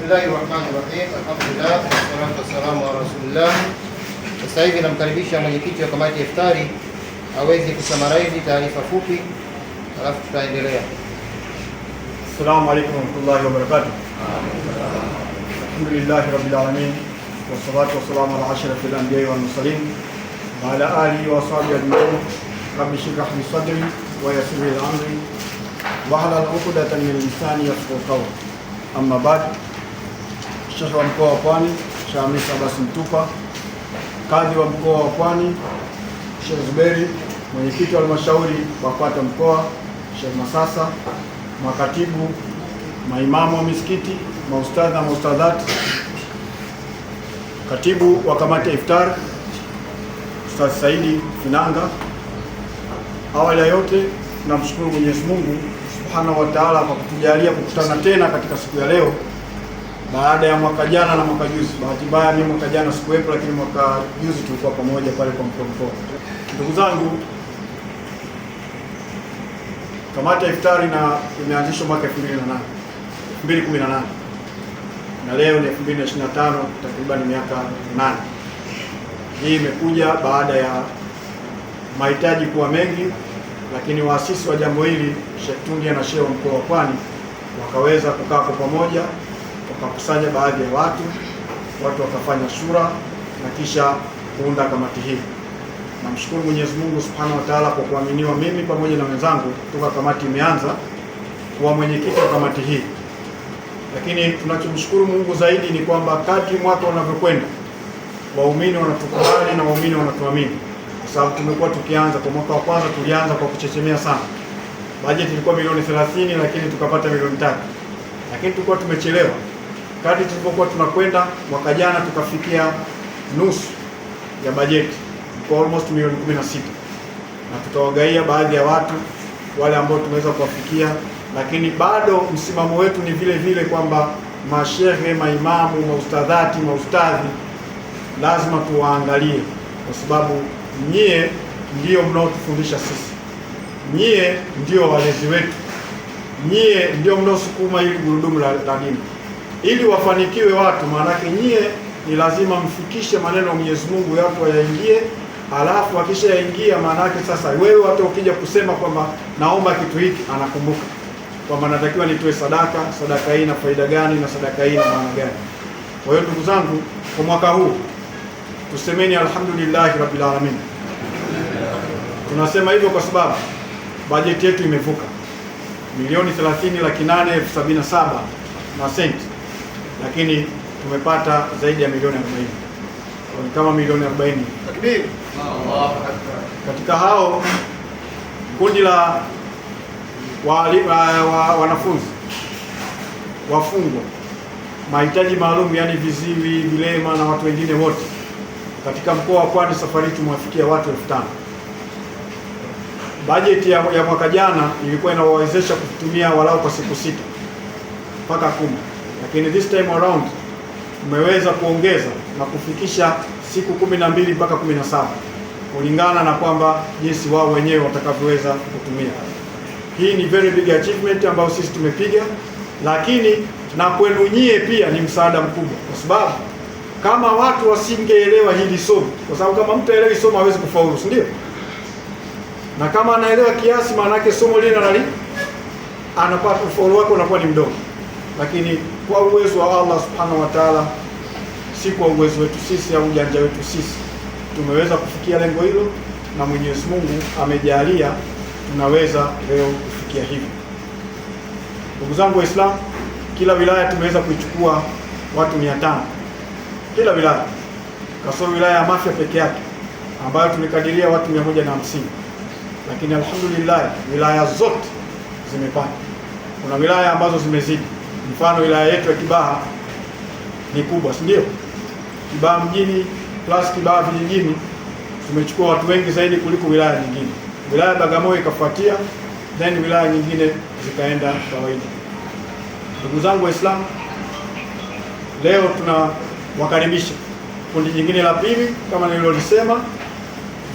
بسم الله الرحمن الرحيم الحمد لله والصلاة والسلام على رسول الله. Sasa hivi namkaribisha mwenyekiti wa kamati ya iftari aweze kusamaraizi taarifa fupi, alafu tutaendelea. Assalamu alaykum warahmatullahi wabarakatuh. Alhamdulillahi rabbil alamin wassalatu wassalamu ala ashrafil anbiya'i wal mursalin wa ala alihi wa sahbihi ajma'in. Rabbi shrah li sadri wa yassir li amri wahlul 'uqdatan min lisani yafqahu qawli. Amma ba'd. mshasha wa mkoa wa Pwani shamis Hamisi Abbas Mtupa, kadhi wa mkoa wa Pwani Sheikh Zuberi, mwenyekiti wa halmashauri BAKWATA mkoa Sheikh Masasa, makatibu, maimamu wa misikiti, maustadhi na maustadhat, katibu wa kamati ya iftar Ustadh Saidi Finanga. Awali ya yote namshukuru Mwenyezi Mungu Subhanahu wa Ta'ala kwa kutujalia kukutana tena katika siku ya leo baada ya mwaka jana na mwaka juzi. Bahati mbaya mimi mwaka jana sikuwepo, lakini mwaka juzi tulikuwa pamoja pale kwa mkoa mkoa. Ndugu zangu, kamati ya iftari na imeanzishwa mwaka 2018 2018 na leo ni 2025, takriban miaka 8. Hii imekuja baada ya mahitaji kuwa mengi, lakini waasisi wa jambo hili Sheikh na Sheikh wa mkoa wa Pwani wakaweza kukaa kwa pamoja tukakusanya baadhi ya watu, watu wakafanya sura na kisha kuunda kamati hii. Namshukuru Mwenyezi Mungu Subhanahu wa Ta'ala kwa kuaminiwa mimi pamoja na wenzangu toka kamati imeanza kuwa mwenyekiti wa kamati hii. Lakini tunachomshukuru Mungu zaidi ni kwamba kadri mwaka unavyokwenda, waumini wanatukubali na waumini wanatuamini, kwa sababu tumekuwa tukianza. Kwa mwaka wa kwanza tulianza kwa kuchechemea sana, bajeti ilikuwa milioni 30 lakini tukapata milioni tatu, lakini tulikuwa tumechelewa Kadri tulipokuwa tunakwenda mwaka jana, tukafikia nusu ya bajeti kwa almost milioni 16, na tutawagaia baadhi ya watu wale ambao tumeweza kuwafikia, lakini bado msimamo wetu ni vile vile kwamba mashehe, maimamu, maustadhati, maustadhi lazima tuwaangalie, kwa sababu nyie ndio mnaotufundisha sisi, nyie ndio walezi wetu, nyie ndio mnaosukuma ili gurudumu la dini ili wafanikiwe watu. Maanake nyie ni lazima mfikishe maneno ya Mwenyezi Mungu, watu wayaingie, alafu maana maanake sasa wewe hata ukija kusema kwamba naomba kitu hiki, anakumbuka kwamba natakiwa nitoe sadaka, sadaka hii na faida gani, na sadaka hii na maana gani? Kwa hiyo ndugu zangu, kwa mwaka huu tusemeni alhamdulillahi rabbil alamin. Tunasema hivyo kwa sababu bajeti yetu imevuka milioni 30 laki nane elfu na senti lakini tumepata zaidi ya milioni 40, kama milioni 40 ah, katika hao kundi la wanafunzi wafungwa mahitaji maalum, yaani viziwi, vilema na watu wengine wote katika mkoa wa Pwani safari tumewafikia watu elfu tano. Bajeti ya, ya mwaka jana ilikuwa inawawezesha kutumia walau kwa siku sita mpaka kumi lakini this time around umeweza kuongeza na kufikisha siku kumi na mbili mpaka kumi na saba kulingana na kwamba jinsi wao wenyewe watakavyoweza kutumia. Hii ni very big achievement ambayo sisi tumepiga, lakini na kwenu nyie pia ni msaada mkubwa, kwa sababu kama watu wasingeelewa hili somo, kwa sababu kama mtu aelewi somo hawezi kufaulu, si ndio? Na kama anaelewa kiasi, maana yake somo lile anapata, ufaulu wake unakuwa ni mdogo lakini kwa uwezo wa Allah subhanahu wa taala, si kwa uwezo wetu sisi au ujanja wetu sisi. Tumeweza kufikia lengo hilo na Mwenyezi Mungu amejalia tunaweza leo kufikia hivyo. Ndugu zangu Waislamu, kila wilaya tumeweza kuichukua watu mia tano kila wilaya, kasoro wilaya ya Mafia peke yake ambayo tulikadiria watu mia moja na hamsini lakini alhamdulillah wilaya zote zimepata. Kuna wilaya ambazo zimezidi Mfano wilaya yetu ya Kibaha ni kubwa, si ndio? Kibaha mjini plus Kibaha vijijini tumechukua watu wengi zaidi kuliko wilaya nyingine. Wilaya Bagamoyo ikafuatia, then wilaya nyingine zikaenda kawaida. Ndugu zangu Waislamu, leo tunawakaribisha kundi jingine la pili kama nililolisema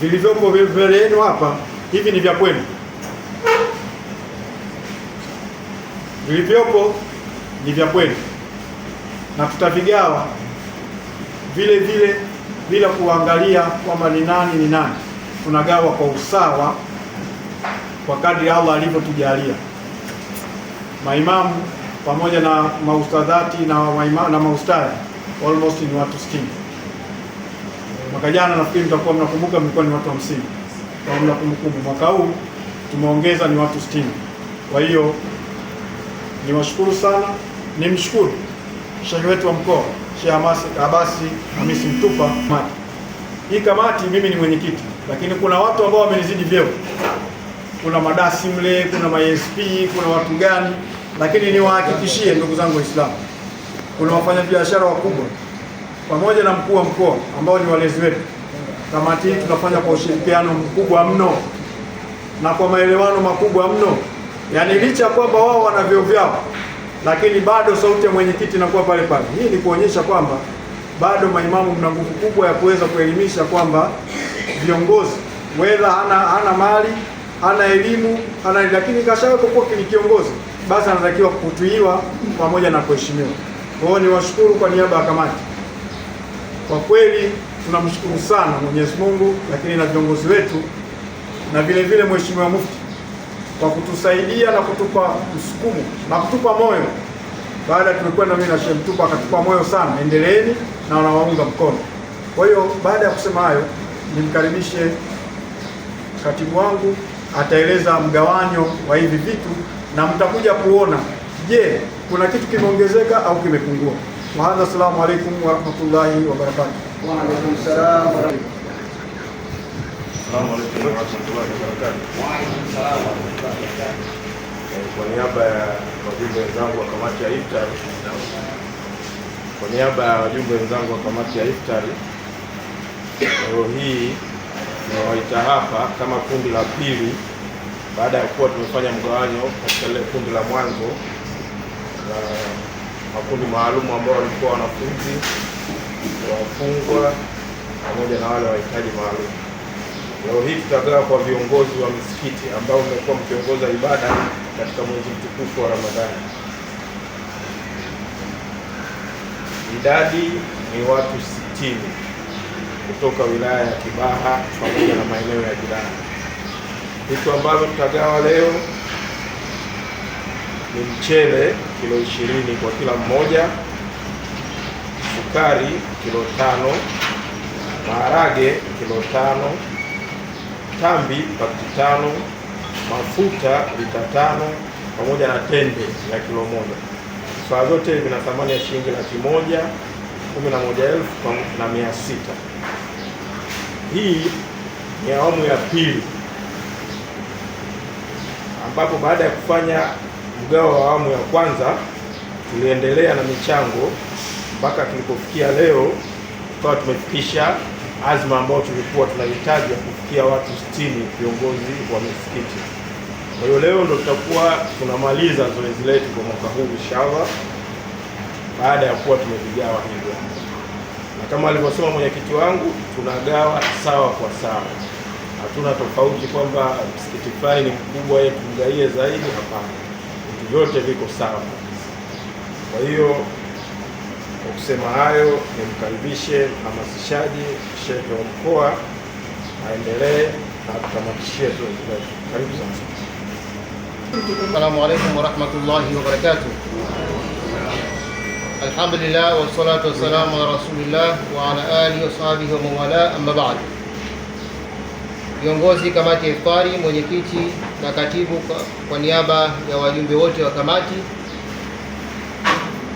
vilivyopo mbele yenu hapa hivi ni vya kwenu vilivyopo ni vya kweli na tutavigawa vile vile bila kuangalia kwamba ni nani ni nani, tunagawa kwa usawa kwa kadri Allah alivyotujalia. Maimamu pamoja na maustadhati na maimamu, na maustadhi almost ni watu 60. Mwaka jana nafikiri mtakuwa mnakumbuka, mlikuwa ni watu 50 wa mnakumbukumbu. Mwaka huu tumeongeza ni watu 60, kwa hiyo Niwashukuru sana, nimshukuru shehe wetu wa mkoa Shehe Abasi Hamisi Mtupa. Hii kamati mimi ni mwenyekiti, lakini kuna watu ambao wamenizidi vyeo, kuna madasi mle, kuna masp, kuna watu gani, lakini niwahakikishie ndugu zangu Waislamu, kuna wafanyabiashara wakubwa pamoja na mkuu wa mkoa ambao ni walezi wetu. Kamati hii tunafanya kwa ushirikiano mkubwa mno na kwa maelewano makubwa mno yaani licha kwamba wao wana vyeo vyao, lakini bado sauti ya mwenyekiti inakuwa pale pale. Hii ni kuonyesha kwamba bado maimamu mna nguvu kubwa ya kuweza kuelimisha kwamba viongozi wedha hana hana mali hana elimu hana, lakini kashawekwa kuwa ni kiongozi, basi anatakiwa kutuiwa pamoja na kuheshimiwa. Kwa hiyo niwashukuru kwa niaba ya kamati, kwa kweli tunamshukuru sana Mwenyezi Mungu, lakini na viongozi wetu na vile vile Mheshimiwa Mufti kwa kutusaidia na kutupa msukumo na kutupa moyo. Baada na mimi na Sheikh Mtupa akatupa moyo sana, endeleeni na wanawaunga mkono. Kwa hiyo baada ya kusema hayo, nimkaribishe katibu wangu, ataeleza mgawanyo wa hivi vitu na mtakuja kuona, je, kuna kitu kimeongezeka au kimepungua. Waadha, assalamu alaikum warahmatullahi wabarakatuh. Wa alaikum salaam. Asalamu eh, Kwa niaba ya wajumbe wenzangu wa kamati ya iftar, kwa niaba ya wajumbe wenzangu wa kamati ya iftari, leo hii nimewaita hapa kama kundi la pili baada ya kuwa tumefanya mgawanyo katika lile kundi la mwanzo na makundi maalumu ambao walikuwa wanafunzi, wafungwa pamoja na wale wahitaji maalum. Leo hii tutagawa kwa viongozi wa misikiti ambao mmekuwa mkiongoza ibada katika mwezi mtukufu wa Ramadhani. Idadi ni watu sitini kutoka wilaya ya Kibaha pamoja na maeneo ya jirani. Vitu ambavyo tutagawa leo ni mchele kilo ishirini kwa kila mmoja, sukari kilo tano, maharage kilo tano tambi pakiti tano, mafuta lita tano, pamoja na tende ya kilo moja. Vifaa vyote vina thamani ya shilingi laki moja kumi na moja elfu na mia sita. Hii ni awamu ya pili ambapo baada ya kufanya mgao wa awamu ya kwanza tuliendelea na michango mpaka tulipofikia leo, tukawa tumefikisha azma ambayo tulikuwa tunahitaji kufikia watu 60 viongozi wa misikiti. Kwa hiyo leo ndo tutakuwa tunamaliza zoezi letu kwa mwaka huu inshallah, baada ya kuwa tumevigawa hivyo, na kama alivyosema mwenyekiti wangu, tunagawa sawa kwa sawa, hatuna tofauti kwamba msikiti fulani ni mkubwa yeye tumgaie zaidi. Hapana, vitu vyote viko sawa kabisa. Kwa hiyo kwa kusema hayo, nimkaribishe mhamasishaji shehe wa mkoa aendelee na tutamatishie zoezi Karibu sana. Assalamu alaykum wa rahmatullahi wa barakatuh. Alhamdulillah wa salatu wa salam ala rasulillah wa ala alihi wa sahbihi wa mawala, amma ba'd. Viongozi kamati ya iftari, mwenyekiti na katibu, kwa niaba ya wajumbe wote wa kamati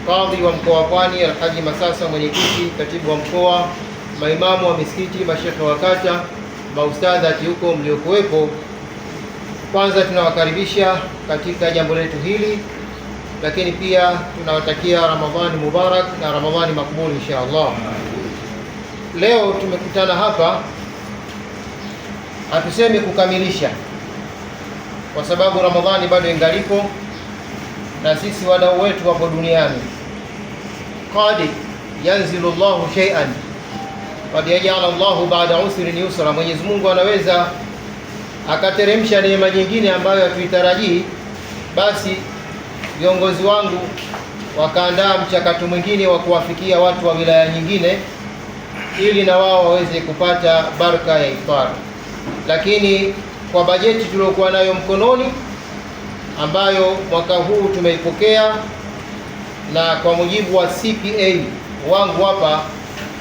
kadhi wa mkoa wa Pwani Alhaji Masasa, mwenyekiti, katibu wa mkoa, maimamu wa misikiti, mashekhe wa kata maustadhati huko mliokuwepo, kwanza tunawakaribisha katika jambo letu hili, lakini pia tunawatakia Ramadhani mubarak na Ramadhani makbul insha Allah. Leo tumekutana hapa, hatusemi kukamilisha, kwa sababu Ramadhani bado ingalipo na sisi wadau wetu wapo duniani. qadi yanzilu llahu shay'an qad yajala Allahu baada usrin yusra, Mwenyezi Mungu anaweza akateremsha neema nyingine ambayo hatuitarajii. Basi viongozi wangu wakaandaa mchakato mwingine wa kuwafikia watu wa wilaya nyingine ili na wao waweze kupata baraka ya iftar, lakini kwa bajeti tuliokuwa nayo mkononi ambayo mwaka huu tumeipokea na kwa mujibu wa CPA wangu hapa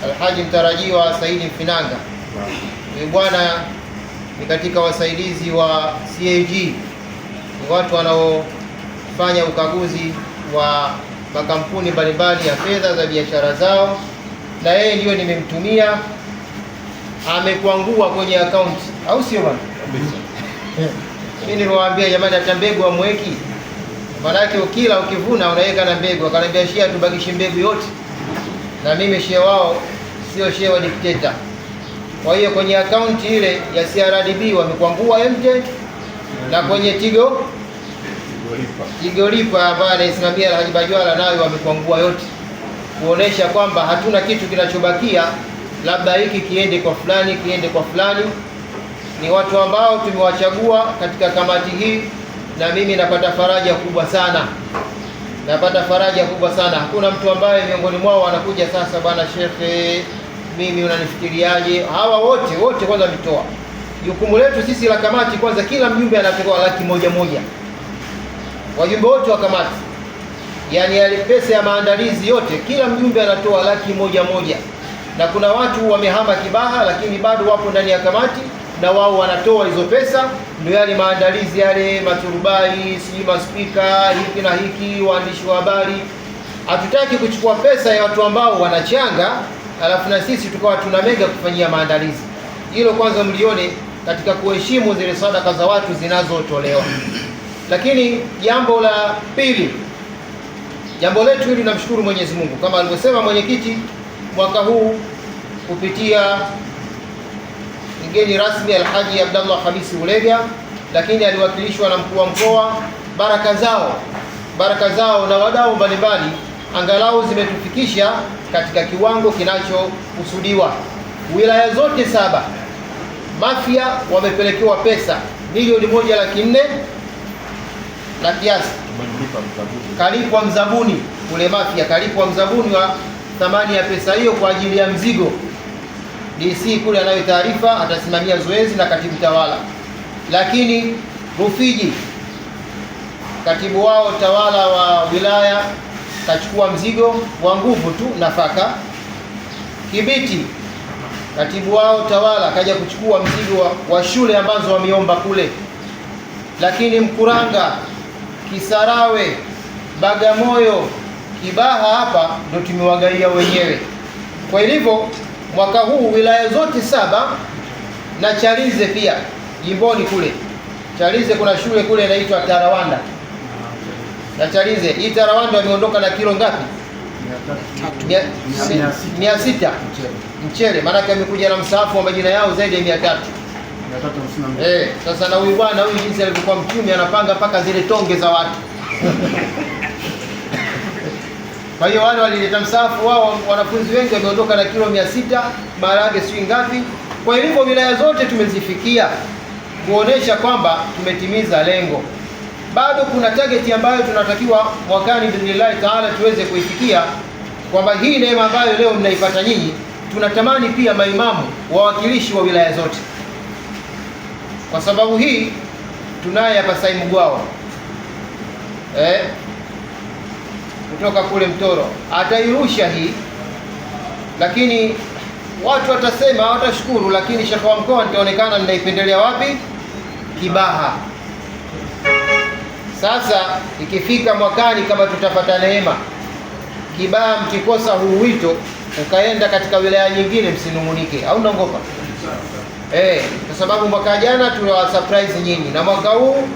Alhaji mtarajiwa Saidi Mfinanga. Huyu ee bwana ni katika wasaidizi wa CAG, ni watu wanaofanya ukaguzi wa makampuni mbalimbali ya fedha za biashara zao, na yeye ndiyo nimemtumia, amekwangua kwenye akaunti, au sio bwana? Mi niliwaambia jamani, hata mbegu amweki, maanake ukila ukivuna unaweka na mbegu, akaniambia shia tubakishe mbegu yote na mimi shehe wao sio shehe wa dikteta. Kwa hiyo kwenye akaunti ile ya CRDB wamekwangua MTN na kwenye Tigo Lipa pale anaisimamia Alhaji Bajwala nayo wamekwangua yote, kuonesha kwamba hatuna kitu kinachobakia, labda hiki kiende kwa fulani, kiende kwa fulani. Ni watu ambao tumewachagua katika kamati hii, na mimi napata faraja kubwa sana napata faraja kubwa sana. Hakuna mtu ambaye miongoni mwao anakuja sasa, bwana shekhe, mimi unanifikiriaje? Hawa wote wote kwanza nitoa jukumu letu sisi la kamati, kwanza kila mjumbe anatoa laki moja moja, wajumbe wote wa kamati, yaani yale pesa ya maandalizi yote, kila mjumbe anatoa laki moja moja, na kuna watu wamehama Kibaha, lakini bado wapo ndani ya kamati na wao wanatoa hizo pesa, ndio yale maandalizi yale, maturubai, sijui maspika, hiki na hiki, waandishi wa habari. Hatutaki kuchukua pesa ya watu ambao wanachanga, alafu na sisi tukawa tuna mega kufanyia maandalizi. Hilo kwanza mlione katika kuheshimu zile sadaka za watu zinazotolewa. Lakini jambo la pili, jambo letu hili, namshukuru Mwenyezi Mungu kama alivyosema mwenyekiti, mwaka huu kupitia mgeni rasmi Alhaji Abdallah Hamisi Ulega, lakini aliwakilishwa na mkuu wa mkoa. Baraka zao baraka zao na wadau mbalimbali angalau zimetufikisha katika kiwango kinachokusudiwa. Wilaya zote saba Mafia wamepelekewa pesa milioni moja laki nne na kiasi, kalipwa mzabuni kule Mafia, kalipwa mzabuni wa thamani ya pesa hiyo kwa ajili ya mzigo DC kule anayo taarifa, atasimamia zoezi na katibu tawala. Lakini Rufiji, katibu wao tawala wa wilaya kachukua mzigo wa nguvu tu nafaka. Kibiti, katibu wao tawala kaja kuchukua mzigo wa, wa shule ambazo wameomba kule. Lakini Mkuranga, Kisarawe, Bagamoyo, Kibaha hapa ndo tumewagaia wenyewe. Kwa hivyo mwaka huu wilaya zote saba na charize pia jimboni kule charize kuna shule kule inaitwa Tarawanda na charize hii Tarawanda wameondoka na kilo ngapi? mia sita mchele, maanake amekuja na msaafu wa majina yao zaidi ya mia tatu. Eh, sasa na huyu bwana huyu jinsi alivyokuwa mchumi anapanga mpaka zile tonge za watu kwa hiyo wale walileta msafu wao, wanafunzi wengi wameondoka na kilo mia sita maharage sijui ngapi. Kwa hivyo wilaya zote tumezifikia kuonesha kwamba tumetimiza lengo. Bado kuna target ambayo tunatakiwa mwakani biidhnillahi taala tuweze kuifikia, kwamba hii neema ambayo leo mnaipata nyinyi, tunatamani pia maimamu wawakilishi wa wilaya zote, kwa sababu hii tunaye hapa Saimu Gwawa eh kutoka kule Mtoro, atairusha hii, lakini watu watasema, watashukuru, lakini shekhe wa mkoa nitaonekana ninaipendelea wapi? Kibaha. Sasa ikifika mwakani, kama tutapata neema, Kibaha mkikosa huu wito ukaenda katika wilaya nyingine, msinung'unike au naongopa eh, kwa sababu mwaka jana tuliwa surprise nyinyi na mwaka huu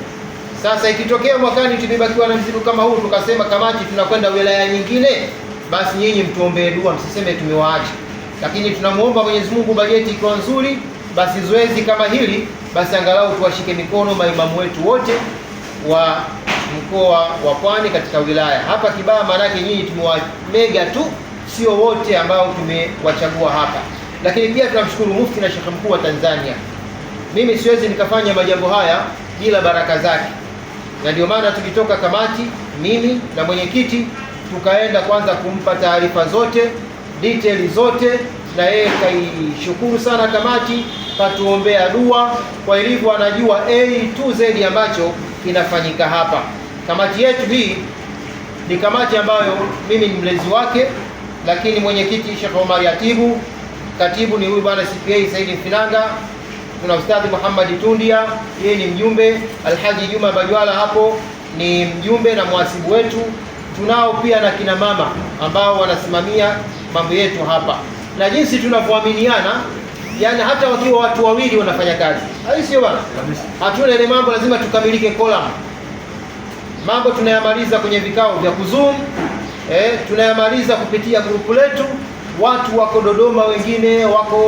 sasa ikitokea mwakani tumebakiwa na mzigo kama huu, tukasema kamati tunakwenda wilaya nyingine, basi nyinyi mtuombee dua, msiseme tumewaacha. Lakini tunamwomba Mwenyezi Mungu, bajeti ikiwa nzuri, basi zoezi kama hili, basi angalau tuwashike mikono maimamu wetu wote wa mkoa wa Pwani katika wilaya hapa Kibaha. Maanake nyinyi tumewamega tu, sio wote ambao tumewachagua hapa. Lakini pia tunamshukuru Mufti na Shekhe Mkuu wa Tanzania. Mimi siwezi nikafanya majambo haya bila baraka zake na ndio maana tukitoka kamati, mimi na mwenyekiti tukaenda kwanza kumpa taarifa zote detail zote, na yeye kaishukuru sana kamati, katuombea dua kwa ilivyo, anajua A to Z ambacho kinafanyika hapa. Kamati yetu hii ni kamati ambayo mimi ni mlezi wake, lakini mwenyekiti Sheikh Omar Yatibu, katibu ni huyu bwana CPA Saidi Finanga. Tuna Ustadhi Muhammad Tundia, yeye ni mjumbe. Alhaji Juma Bajwala hapo ni mjumbe na mwasibu wetu. Tunao pia na kina mama ambao wanasimamia mambo yetu hapa, na jinsi tunavyoaminiana yani hata wakiwa watu wawili wanafanya kazi, hai sio bwana? Hatuna ile mambo lazima tukamilike kolam, mambo tunayamaliza kwenye vikao vya kuzoom, eh, tunayamaliza kupitia grupu letu watu wako Dodoma, wengine wako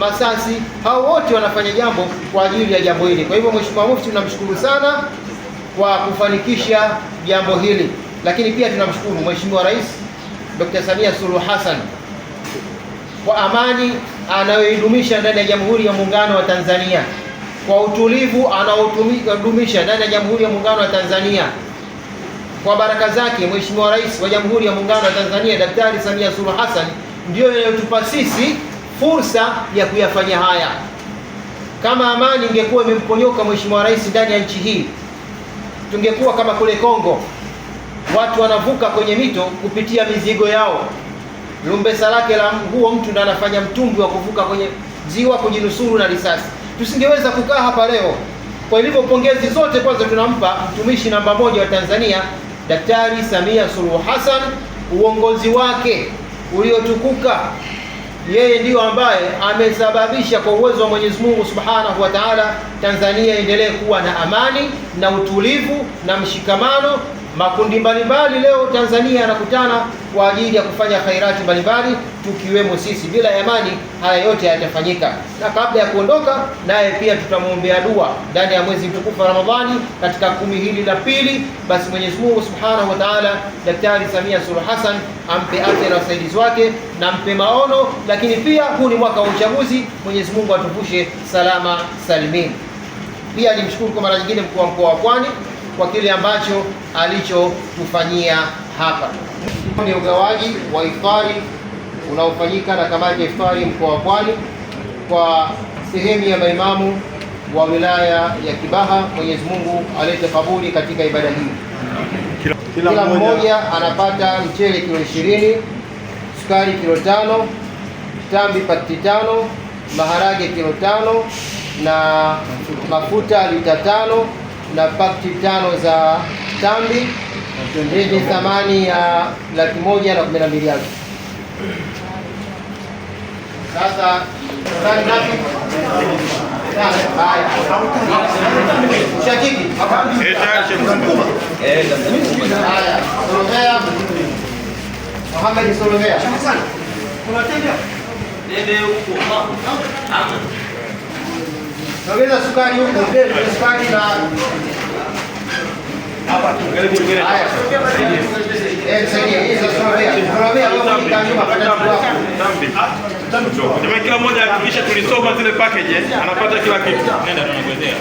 Masasi, hao wote wanafanya jambo kwa ajili ya jambo hili. Kwa hivyo, Mheshimiwa Mufti, tunamshukuru sana kwa kufanikisha jambo hili, lakini pia tunamshukuru Mheshimiwa Rais Dr. Samia Suluhu Hassan kwa amani anayoidumisha ndani ya Jamhuri ya Muungano wa Tanzania, kwa utulivu anaodumisha ndani ya Jamhuri ya Muungano wa Tanzania kwa baraka zake Mheshimiwa Rais wa Jamhuri ya Muungano wa Tanzania Daktari Samia Suluhu Hassan ndiyo inayotupa sisi fursa ya kuyafanya haya. Kama amani ingekuwa imemponyoka Mheshimiwa Rais ndani ya nchi hii, tungekuwa kama kule Kongo, watu wanavuka kwenye mito kupitia mizigo yao. Lumbesa lake la huo mtu ndiye anafanya mtumbwi wa kuvuka kwenye ziwa kujinusuru na risasi. Tusingeweza kukaa hapa leo. Kwa hivyo pongezi zote kwanza tunampa mtumishi namba moja wa Tanzania, Daktari Samia Suluhu Hassan, uongozi wake uliotukuka. Yeye ndiyo ambaye amesababisha kwa uwezo wa Mwenyezi Mungu Subhanahu wa Ta'ala, Tanzania iendelee kuwa na amani na utulivu na mshikamano Makundi mbalimbali leo Tanzania yanakutana kwa ajili ya kufanya khairati mbalimbali, tukiwemo sisi. Bila ya amani haya yote hayatafanyika. Na kabla ya kuondoka, naye pia tutamwombea dua ndani ya mwezi mtukufu wa Ramadhani, katika kumi hili la pili. Basi Mwenyezi Mungu Subhanahu wa Ta'ala, Daktari Samia Suluhu Hassan ampe afya na wasaidizi wake na mpe maono, lakini pia huu ni mwaka wa uchaguzi. Mwenyezi Mungu atuvushe salama salimini. Pia nimshukuru kwa mara nyingine mkuu wa mkoa wa Pwani kwa kile ambacho alichotufanyia hapa. Ni ugawaji wa iftari unaofanyika na kamati ya iftari mkoa wa Pwani kwa sehemu ya maimamu wa wilaya ya Kibaha. Mwenyezi Mungu alete kabuli katika ibada hii. Kila, kila mmoja anapata mchele kilo ishirini, sukari kilo tano, tambi pati tano, maharage kilo tano na mafuta lita tano na pakti tano za tambi zenye thamani ya laki moja na kumi na mbili elfu. Sasa Solomea Naweza sukari huko, sukari na hapa tu karibu Haya. Eh, sasa sasa kwa. Tambi. Tambi. Ah, kila mmoja hakikisha tulisoma zile package, eh. anapata kila kitu. Nenda tunaongezea.